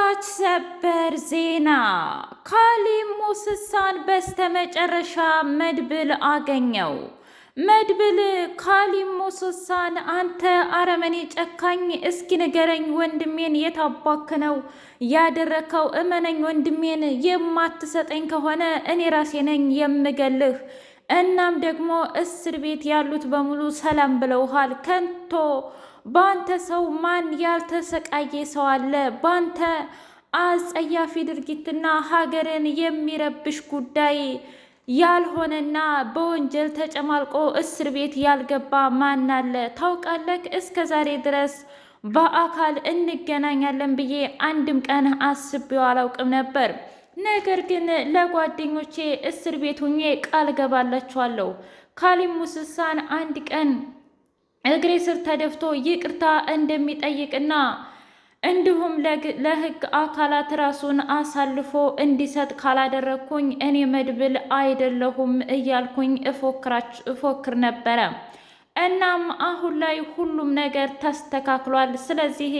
አስደሳች ሰበር ዜና ካሌብ ሙስሳን በስተመጨረሻ መድብል አገኘው። መድብል ካሌብ ሙስሳን አንተ አረመኔ ጨካኝ፣ እስኪ ንገረኝ ወንድሜን ነው ያደረከው? እመነኝ ወንድሜን የማትሰጠኝ ከሆነ እኔ ራሴ ነኝ የምገልህ እናም ደግሞ እስር ቤት ያሉት በሙሉ ሰላም ብለውሃል። ከንቶ በአንተ ሰው ማን ያልተሰቃየ ሰው አለ? በአንተ አጸያፊ ድርጊትና ሀገርን የሚረብሽ ጉዳይ ያልሆነና በወንጀል ተጨማልቆ እስር ቤት ያልገባ ማን አለ? ታውቃለህ? እስከ ዛሬ ድረስ በአካል እንገናኛለን ብዬ አንድም ቀን አስቤው አላውቅም ነበር። ነገር ግን ለጓደኞቼ እስር ቤት ሁኜ ቃል ገባላችኋለሁ ካሊም ሙስሳን አንድ ቀን እግሬ ስር ተደፍቶ ይቅርታ እንደሚጠይቅና እንዲሁም ለሕግ አካላት ራሱን አሳልፎ እንዲሰጥ ካላደረግኩኝ እኔ መድብል አይደለሁም እያልኩኝ እፎክር ነበረ። እናም አሁን ላይ ሁሉም ነገር ተስተካክሏል። ስለዚህ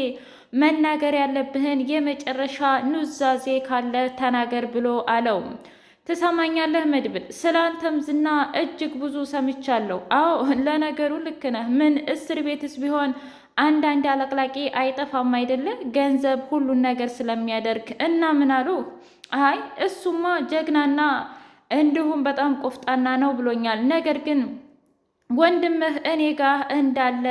መናገር ያለብህን የመጨረሻ ኑዛዜ ካለ ተናገር ብሎ አለው። ትሰማኛለህ መድብል፣ ስለ አንተም ዝና እጅግ ብዙ ሰምቻለሁ። አዎ ለነገሩ ልክ ነህ። ምን እስር ቤትስ ቢሆን አንዳንድ አለቅላቂ አይጠፋም አይደለ? ገንዘብ ሁሉን ነገር ስለሚያደርግ እና ምን አሉ? አይ እሱማ ጀግናና እንዲሁም በጣም ቆፍጣና ነው ብሎኛል። ነገር ግን ወንድምህ እኔ ጋር እንዳለ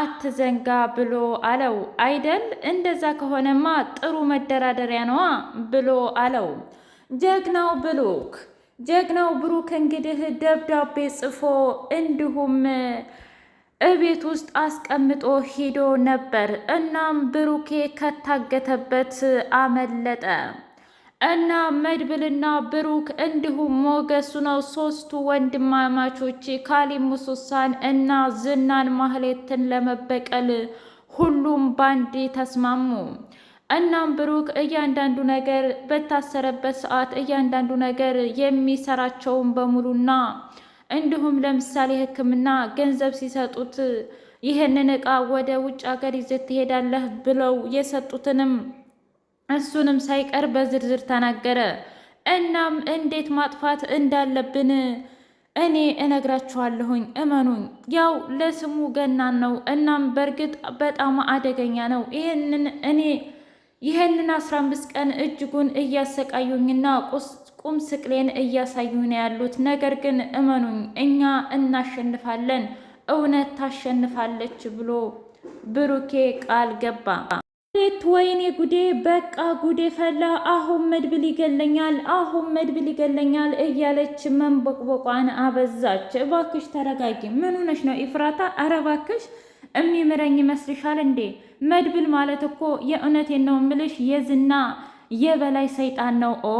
አትዘንጋ ብሎ አለው። አይደል እንደዛ ከሆነማ ጥሩ መደራደሪያ ነዋ ብሎ አለው። ጀግናው ብሩክ ጀግናው ብሩክ እንግዲህ ደብዳቤ ጽፎ እንዲሁም እቤት ውስጥ አስቀምጦ ሂዶ ነበር። እናም ብሩኬ ከታገተበት አመለጠ። እና መድብልና ብሩክ እንዲሁም ሞገሱ ነው። ሶስቱ ወንድማማቾች ካሊም ሙሱሳን እና ዝናን ማህሌትን ለመበቀል ሁሉም ባንዴ ተስማሙ። እናም ብሩክ እያንዳንዱ ነገር በታሰረበት ሰዓት እያንዳንዱ ነገር የሚሰራቸውን በሙሉና እንዲሁም ለምሳሌ ሕክምና ገንዘብ ሲሰጡት ይህንን ዕቃ ወደ ውጭ ሀገር ይዘት ትሄዳለህ ብለው የሰጡትንም እሱንም ሳይቀር በዝርዝር ተናገረ። እናም እንዴት ማጥፋት እንዳለብን እኔ እነግራችኋለሁኝ፣ እመኑኝ። ያው ለስሙ ገናን ነው። እናም በእርግጥ በጣም አደገኛ ነው። ይህንን እኔ ይህንን አስራ አምስት ቀን እጅጉን እያሰቃዩኝና ቁም ስቅሌን እያሳዩን ነው ያሉት። ነገር ግን እመኑኝ፣ እኛ እናሸንፋለን፣ እውነት ታሸንፋለች ብሎ ብሩኬ ቃል ገባ። ሴት ወይኔ ጉዴ በቃ ጉዴ ፈላ። አሁን መድብል ይገለኛል፣ አሁን መድብል ይገለኛል እያለች መንቦቅቦቋን አበዛች። እባክሽ ተረጋጊ። ምን ሆነሽ ነው ኢፍራታ? ኧረ እባክሽ እሚምረኝ ይመስልሻል እንዴ? መድብል ማለት እኮ የእውነቴን ነው ምልሽ የዝና የበላይ ሰይጣን ነው። ኦ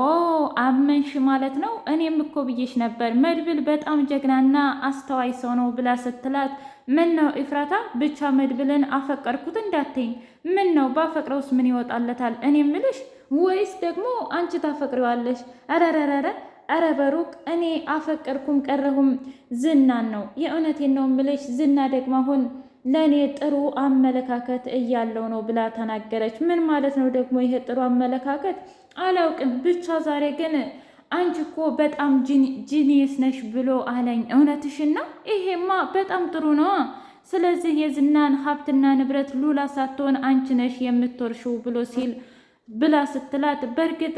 አመንሽ ማለት ነው። እኔም እኮ ብዬሽ ነበር መድብል በጣም ጀግናና አስተዋይ ሰው ነው ብላ ስትላት ምን ነው ኢፍራታ ብቻ መድብልን አፈቀርኩት እንዳትኝ። ምን ነው ባፈቅረውስ ምን ይወጣለታል? እኔ ምልሽ ወይስ ደግሞ አንቺ ታፈቅሪዋለሽ? አረረረረ አረ በሩቅ እኔ አፈቀርኩም ቀረሁም ዝናን ነው። የእውነቴን ነው ምልሽ። ዝና ደግሞ አሁን ለእኔ ጥሩ አመለካከት እያለው ነው ብላ ተናገረች። ምን ማለት ነው ደግሞ ይሄ ጥሩ አመለካከት? አላውቅም ብቻ ዛሬ ግን አንቺ እኮ በጣም ጂኒየስ ነሽ ብሎ አለኝ። ነው! ይሄማ በጣም ጥሩ ነው። ስለዚህ የዝናን ሀብትና ንብረት ሉላ ሳትሆን አንቺ ነሽ የምትወርሽው ብሎ ሲል ብላ ስትላት በእርግጥ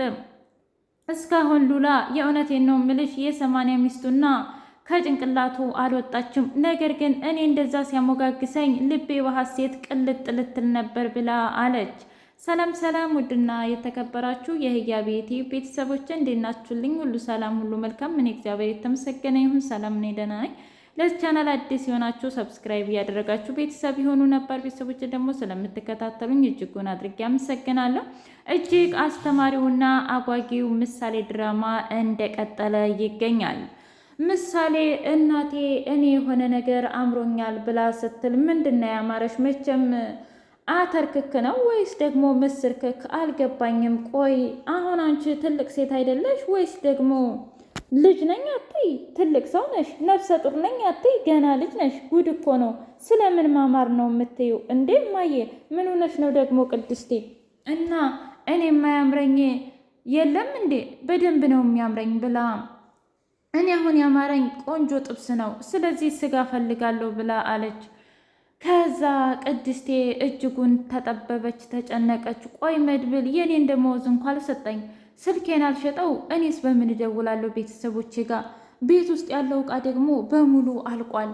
እስካሁን ሉላ የእውነቴን ነው ምልሽ የሰማንያ ሚስቱና ከጭንቅላቱ አልወጣችም። ነገር ግን እኔ እንደዛ ሲያሞጋግሰኝ ልቤ በሐሴት ቅልጥ ልትል ነበር ብላ አለች። ሰላም ሰላም፣ ውድና የተከበራችሁ የህያ ቤቴ ቤተሰቦች እንዴት ናችሁልኝ? ሁሉ ሰላም፣ ሁሉ መልካም። እኔ እግዚአብሔር የተመሰገነ ይሁን ሰላም ነኝ፣ ደህና ነኝ። ለዚህ ቻናል አዲስ የሆናችሁ ሰብስክራይብ እያደረጋችሁ ቤተሰብ የሆኑ ነባር ቤተሰቦች ደግሞ ስለምትከታተሉኝ እጅጉን አድርጌ አመሰግናለሁ። እጅግ አስተማሪውና አጓጊው ምሳሌ ድራማ እንደቀጠለ ይገኛል። ምሳሌ እናቴ እኔ የሆነ ነገር አምሮኛል ብላ ስትል ምንድን ነው ያማረሽ መቼም አተር ክክ ነው ወይስ ደግሞ ምስር ክክ አልገባኝም። ቆይ አሁን አንቺ ትልቅ ሴት አይደለሽ ወይስ ደግሞ ልጅ ነኝ አትይ፣ ትልቅ ሰው ነሽ። ነፍሰ ጡር ነኝ አትይ፣ ገና ልጅ ነሽ። ጉድ እኮ ነው። ስለምን ማማር ነው የምትዩ እንዴ? ማየ ምን ሆነሽ ነው ደግሞ ቅድስቴ? እና እኔ የማያምረኝ የለም እንዴ? በደንብ ነው የሚያምረኝ ብላ እኔ አሁን ያማረኝ ቆንጆ ጥብስ ነው፣ ስለዚህ ስጋ ፈልጋለሁ ብላ አለች። ከዛ ቅድስቴ እጅጉን ተጠበበች፣ ተጨነቀች። ቆይ መድብል የኔን ደመወዝ እንኳ አልሰጠኝ፣ ስልኬን አልሸጠው፣ እኔስ በምን እደውላለሁ ቤተሰቦቼ ጋር? ቤት ውስጥ ያለው እቃ ደግሞ በሙሉ አልቋል።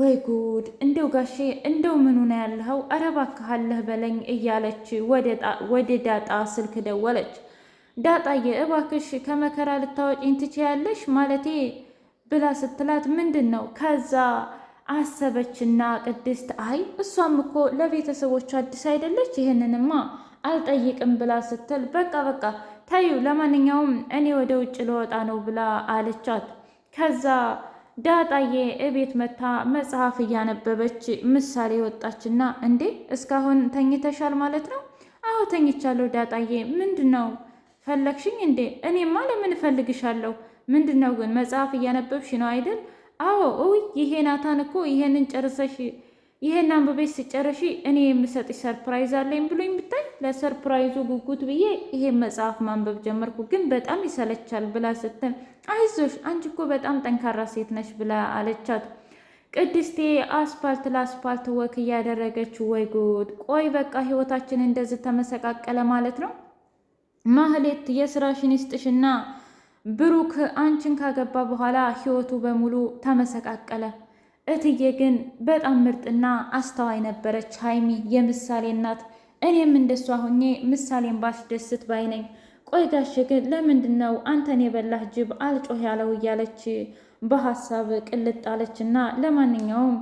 ወይ ጉድ! እንደው ጋሼ እንደው ምኑ ነው ያለኸው? ኧረ እባክህ በለኝ እያለች ወደ ዳጣ ስልክ ደወለች። ዳጣዬ እባክሽ ከመከራ ልታወጪኝ ትችያለሽ ማለቴ ብላ ስትላት ምንድን ነው ከዛ አሰበችና ቅድስት አይ እሷም እኮ ለቤተሰቦቹ አዲስ አይደለች፣ ይህንንማ አልጠይቅም ብላ ስትል በቃ በቃ ታዩ፣ ለማንኛውም እኔ ወደ ውጭ ልወጣ ነው ብላ አለቻት። ከዛ ዳጣዬ እቤት መታ መጽሐፍ እያነበበች ምሳሌ ወጣችና እንዴ እስካሁን ተኝተሻል ማለት ነው? አዎ ተኝቻለሁ ዳጣዬ። ምንድን ነው ፈለግሽኝ እንዴ? እኔማ ለምን እፈልግሻለሁ? ምንድን ነው ግን መጽሐፍ እያነበብሽ ነው አይደል? አዎ እውይ ይሄ ናታን እኮ ይሄንን ጨርሰሽ ይሄን አንብቤት ስጨረሽ እኔ የምሰጥሽ ሰርፕራይዝ አለኝ ብሎኝ ብታይ ለሰርፕራይዙ ጉጉት ብዬ ይሄ መጽሐፍ ማንበብ ጀመርኩ፣ ግን በጣም ይሰለቻል ብላ ስትል አይዞሽ አንቺ እኮ በጣም ጠንካራ ሴት ነሽ ብላ አለቻት። ቅድስቴ አስፓልት ለአስፓልት ወክ እያደረገች ወይ ጉድ! ቆይ በቃ ህይወታችን እንደዚህ ተመሰቃቀለ ማለት ነው። ማህሌት የስራሽን ይስጥሽና ብሩክ አንቺን ካገባ በኋላ ህይወቱ በሙሉ ተመሰቃቀለ። እትዬ ግን በጣም ምርጥና አስተዋይ ነበረች። ሀይሚ የምሳሌ እናት። እኔም እንደሷ ሆኜ ምሳሌን ባስደስት ባይ ነኝ። ቆይ ጋሽ ግን ለምንድን ነው አንተን የበላህ ጅብ አልጮህ ያለው? እያለች በሀሳብ ቅልጥ አለች እና ለማንኛውም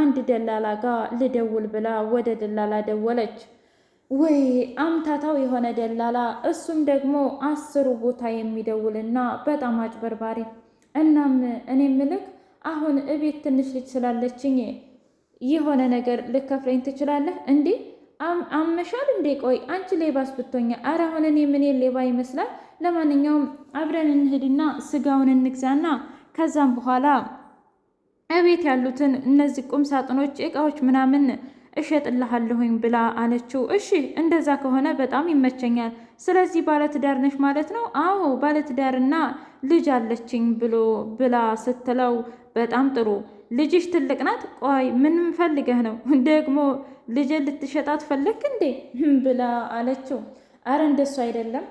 አንድ ደላላ ጋ ልደውል ብላ ወደ ደላላ ደወለች። ወይ አምታታው የሆነ ደላላ እሱም ደግሞ አስሩ ቦታ የሚደውልና በጣም አጭበርባሪ። እናም እኔ ምልክ አሁን እቤት ትንሽ ልጅ ስላለችኝ የሆነ ነገር ልከፍለኝ ትችላለህ እንዴ? አመሻል እንዴ? ቆይ አንቺ ሌባስ ብቶኛ። አረ አሁን እኔ ምን ሌባ ይመስላል። ለማንኛውም አብረን እንሂድና ስጋውን እንግዛና ከዛም በኋላ እቤት ያሉትን እነዚህ ቁም ሳጥኖች፣ እቃዎች ምናምን እሸጥልሃለሁኝ ብላ አለችው። እሺ እንደዛ ከሆነ በጣም ይመቸኛል። ስለዚህ ባለትዳር ነሽ ማለት ነው? አዎ ባለትዳርና ልጅ አለችኝ ብሎ ብላ ስትለው በጣም ጥሩ ልጅሽ ትልቅ ናት። ቆይ ምንም ፈልገህ ነው ደግሞ ልጅ ልትሸጣት ፈለግክ እንዴ? ብላ አለችው። አረ እንደሱ አይደለም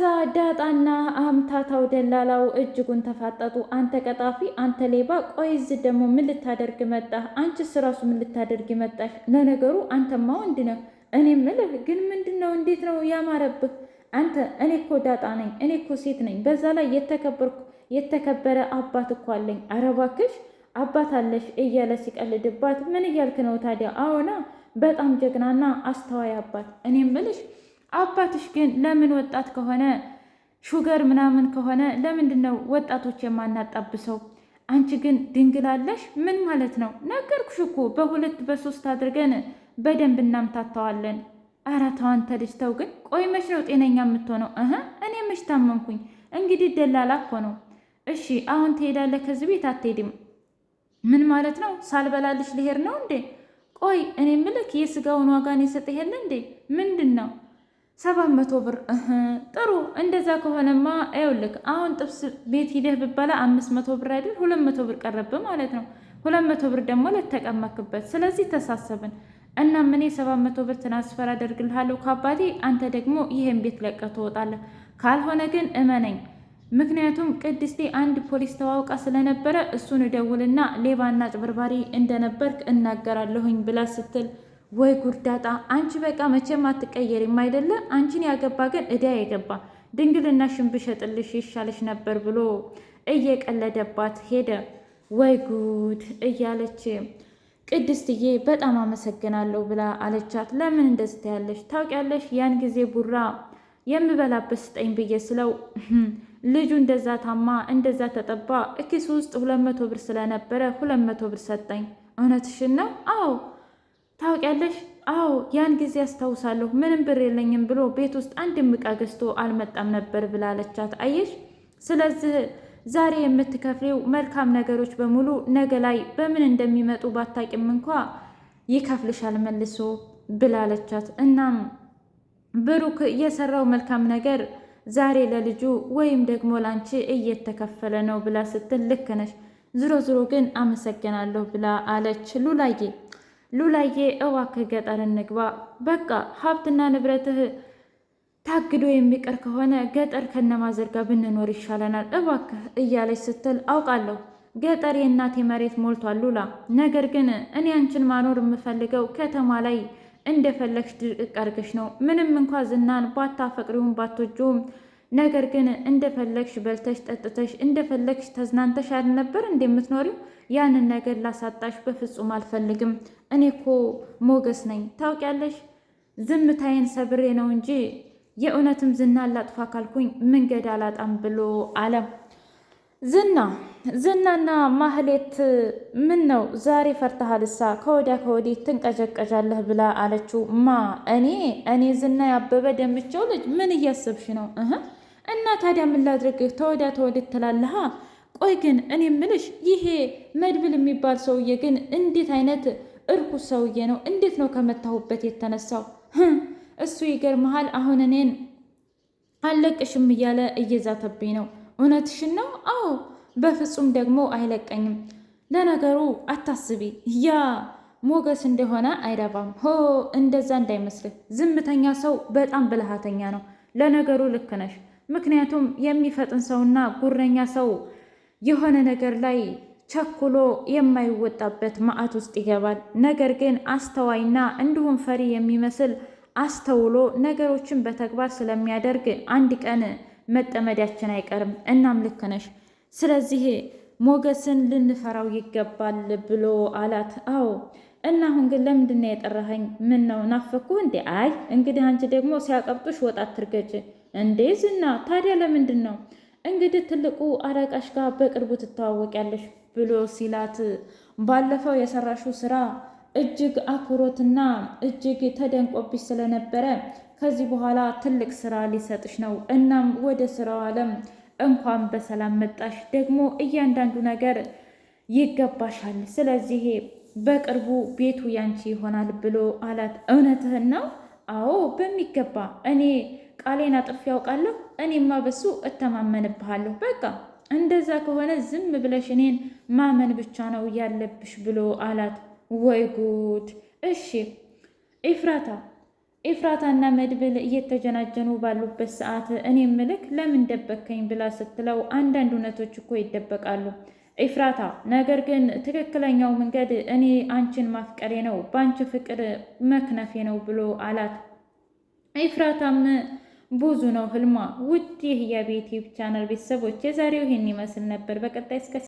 ከዛ ዳጣና አምታታው ደላላው እጅጉን ተፋጠጡ። አንተ ቀጣፊ፣ አንተ ሌባ፣ ቆይዝ ደሞ ደግሞ ምን ልታደርግ መጣ? አንቺስ ራሱ ምን ልታደርግ መጣሽ? ለነገሩ አንተማ ወንድ ነህ። እኔ ምልህ ግን ምንድን ነው? እንዴት ነው ያማረብህ አንተ? እኔ እኮ ዳጣ ነኝ፣ እኔ እኮ ሴት ነኝ። በዛ ላይ የተከበርኩ የተከበረ አባት እኮ አለኝ። ኧረ እባክሽ አባት አለሽ እያለ ሲቀልድባት፣ ምን እያልክ ነው ታዲያ? አዎና በጣም ጀግናና አስተዋይ አባት። እኔ ምልሽ አባትሽ ግን ለምን ወጣት ከሆነ ሹገር ምናምን ከሆነ ለምንድን ነው ወጣቶች የማናጣብሰው? አንቺ ግን ድንግላለሽ ምን ማለት ነው? ነገርኩሽ እኮ በሁለት በሶስት አድርገን በደንብ እናምታታዋለን። ኧረ ተው አንተ ልጅ ተው። ግን ቆይ መች ነው ጤነኛ የምትሆነው? እ እኔ መች ታመምኩኝ? እንግዲህ ደላላ እኮ ነው። እሺ አሁን ትሄዳለህ፣ ከዚህ ቤት አትሄድም። ምን ማለት ነው? ሳልበላልሽ ልሄድ ነው እንዴ? ቆይ እኔ ምልክ የስጋውን ዋጋን የሰጠ ይሄለ እንዴ? ምንድን ነው ሰባት መቶ ብር ጥሩ። እንደዛ ከሆነማ ይኸውልህ አሁን ጥብስ ቤት ሂደህ ብበላ አምስት መቶ ብር አይደል ሁለት መቶ ብር ቀረብህ ማለት ነው። ሁለት መቶ ብር ደግሞ ልተቀመክበት። ስለዚህ ተሳሰብን እና እኔ ሰባት መቶ ብር ትራንስፈር አደርግልሃለሁ ከአባቴ፣ አንተ ደግሞ ይህን ቤት ለቀህ ትወጣለህ። ካልሆነ ግን እመነኝ፣ ምክንያቱም ቅድስቴ አንድ ፖሊስ ተዋውቃ ስለነበረ እሱን እደውልና ሌባና አጭበርባሪ እንደነበርክ እናገራለሁኝ ብላ ስትል ወይ ጉርዳጣ አንቺ በቃ መቼም አትቀየሪም አይደለ? አንቺን ያገባ ግን እዳ የገባ ድንግልና ሽንብሸጥልሽ ይሻለሽ ነበር ብሎ እየቀለደባት ሄደ። ወይ ጉድ እያለች ቅድስትዬ በጣም አመሰግናለሁ ብላ አለቻት። ለምን እንደዚህ ታያለሽ? ታውቂያለሽ ያን ጊዜ ቡራ የምበላበት ስጠኝ ብዬ ስለው ልጁ እንደዛ ታማ እንደዛ ተጠባ እኪስ ውስጥ ሁለት መቶ ብር ስለነበረ ሁለት መቶ ብር ሰጠኝ። እውነትሽን ነው? አዎ ታውቂያለሽ? አዎ ያን ጊዜ አስታውሳለሁ። ምንም ብር የለኝም ብሎ ቤት ውስጥ አንድ እቃ ገዝቶ አልመጣም ነበር ብላለቻት። አየሽ፣ ስለዚህ ዛሬ የምትከፍሌው መልካም ነገሮች በሙሉ ነገ ላይ በምን እንደሚመጡ ባታቂም እንኳ ይከፍልሻል መልሶ ብላለቻት። እናም ብሩክ የሰራው መልካም ነገር ዛሬ ለልጁ ወይም ደግሞ ላንቺ እየተከፈለ ነው ብላ ስትል ልክ ነሽ፣ ዝሮ ዝሮ ግን አመሰግናለሁ ብላ አለች ሉላዬ። ሉላዬ እባክህ ገጠር እንግባ። በቃ ሀብትና ንብረትህ ታግዶ የሚቀር ከሆነ ገጠር ከነማዘርጋ ብንኖር ይሻለናል እባክህ እያለች ስትል አውቃለሁ ገጠር የእናቴ መሬት ሞልቷል ሉላ፣ ነገር ግን እኔ አንቺን ማኖር የምፈልገው ከተማ ላይ እንደፈለግሽ ድርቅቅ አድርገሽ ነው። ምንም እንኳ ዝናን ባታፈቅሪውም ባትወጂውም ነገር ግን እንደፈለግሽ በልተሽ ጠጥተሽ እንደፈለግሽ ተዝናንተሽ አልነበር እንደምትኖሪው ያንን ነገር ላሳጣሽ በፍጹም አልፈልግም። እኔ እኮ ሞገስ ነኝ ታውቂያለሽ። ዝምታዬን ሰብሬ ነው እንጂ የእውነትም ዝና ላጥፋ ካልኩኝ መንገድ አላጣም ብሎ አለ ዝና። ዝናና ማህሌት ምን ነው ዛሬ ፈርተሃልሳ? ከወዲያ ከወዲህ ትንቀጨቀጫለህ ብላ አለችው። ማ እኔ እኔ ዝና ያበበ ደምቸው ልጅ ምን እያሰብሽ ነው? እና ታዲያ ምን ላድርግ? ተወዳ ተወልድ ትላለሃ። ቆይ ግን እኔ ምልሽ ይሄ መድብል የሚባል ሰውዬ ግን እንዴት አይነት እርኩስ ሰውዬ ነው! እንዴት ነው ከመታሁበት የተነሳው? እሱ ይገርመሃል። አሁን እኔን አለቅሽም እያለ እየዛተብኝ ነው። እውነትሽን ነው? አዎ፣ በፍጹም ደግሞ አይለቀኝም። ለነገሩ አታስቢ፣ ያ ሞገስ እንደሆነ አይረባም። ሆ እንደዛ እንዳይመስልህ፣ ዝምተኛ ሰው በጣም ብልሃተኛ ነው። ለነገሩ ልክ ነሽ። ምክንያቱም የሚፈጥን ሰውና ጉረኛ ሰው የሆነ ነገር ላይ ቸኩሎ የማይወጣበት መዓት ውስጥ ይገባል። ነገር ግን አስተዋይና እንዲሁም ፈሪ የሚመስል አስተውሎ ነገሮችን በተግባር ስለሚያደርግ አንድ ቀን መጠመዳችን አይቀርም። እናም ልክ ነሽ። ስለዚህ ሞገስን ልንፈራው ይገባል ብሎ አላት። አዎ እና አሁን ግን ለምንድን ነው የጠራኸኝ? ምን ነው ናፈኩ እንዴ? አይ እንግዲህ አንቺ ደግሞ ሲያቀብጡሽ ወጣት ትርገጭ እንዴ ዝና፣ ታዲያ ለምንድን ነው እንግዲህ ትልቁ አለቃሽ ጋር በቅርቡ ትተዋወቂያለሽ ብሎ ሲላት ባለፈው የሰራሽው ስራ እጅግ አክብሮትና እጅግ ተደንቆብሽ ስለነበረ ከዚህ በኋላ ትልቅ ስራ ሊሰጥሽ ነው። እናም ወደ ስራው ዓለም እንኳን በሰላም መጣሽ። ደግሞ እያንዳንዱ ነገር ይገባሻል። ስለዚህ በቅርቡ ቤቱ ያንቺ ይሆናል ብሎ አላት። እውነትህን ነው? አዎ በሚገባ እኔ ቃሌን አጥፍ ያውቃለሁ። እኔማ በሱ እተማመንብሃለሁ። በቃ እንደዛ ከሆነ ዝም ብለሽ እኔን ማመን ብቻ ነው ያለብሽ ብሎ አላት። ወይ ጉድ! እሺ ኢፍራታ ኢፍራታና መድብል እየተጀናጀኑ ባሉበት ሰዓት እኔ ምልክ ለምን ደበከኝ ብላ ስትለው አንዳንድ እውነቶች እኮ ይደበቃሉ ኢፍራታ። ነገር ግን ትክክለኛው መንገድ እኔ አንቺን ማፍቀሬ ነው፣ በአንቺ ፍቅር መክነፌ ነው ብሎ አላት። ኢፍራታም ብዙ ነው ህልሟ። ውድ የህያቤ ዩቲዩብ ቻናል ቤተሰቦች የዛሬው ይህን ይመስል ነበር። በቀጣይ እስከ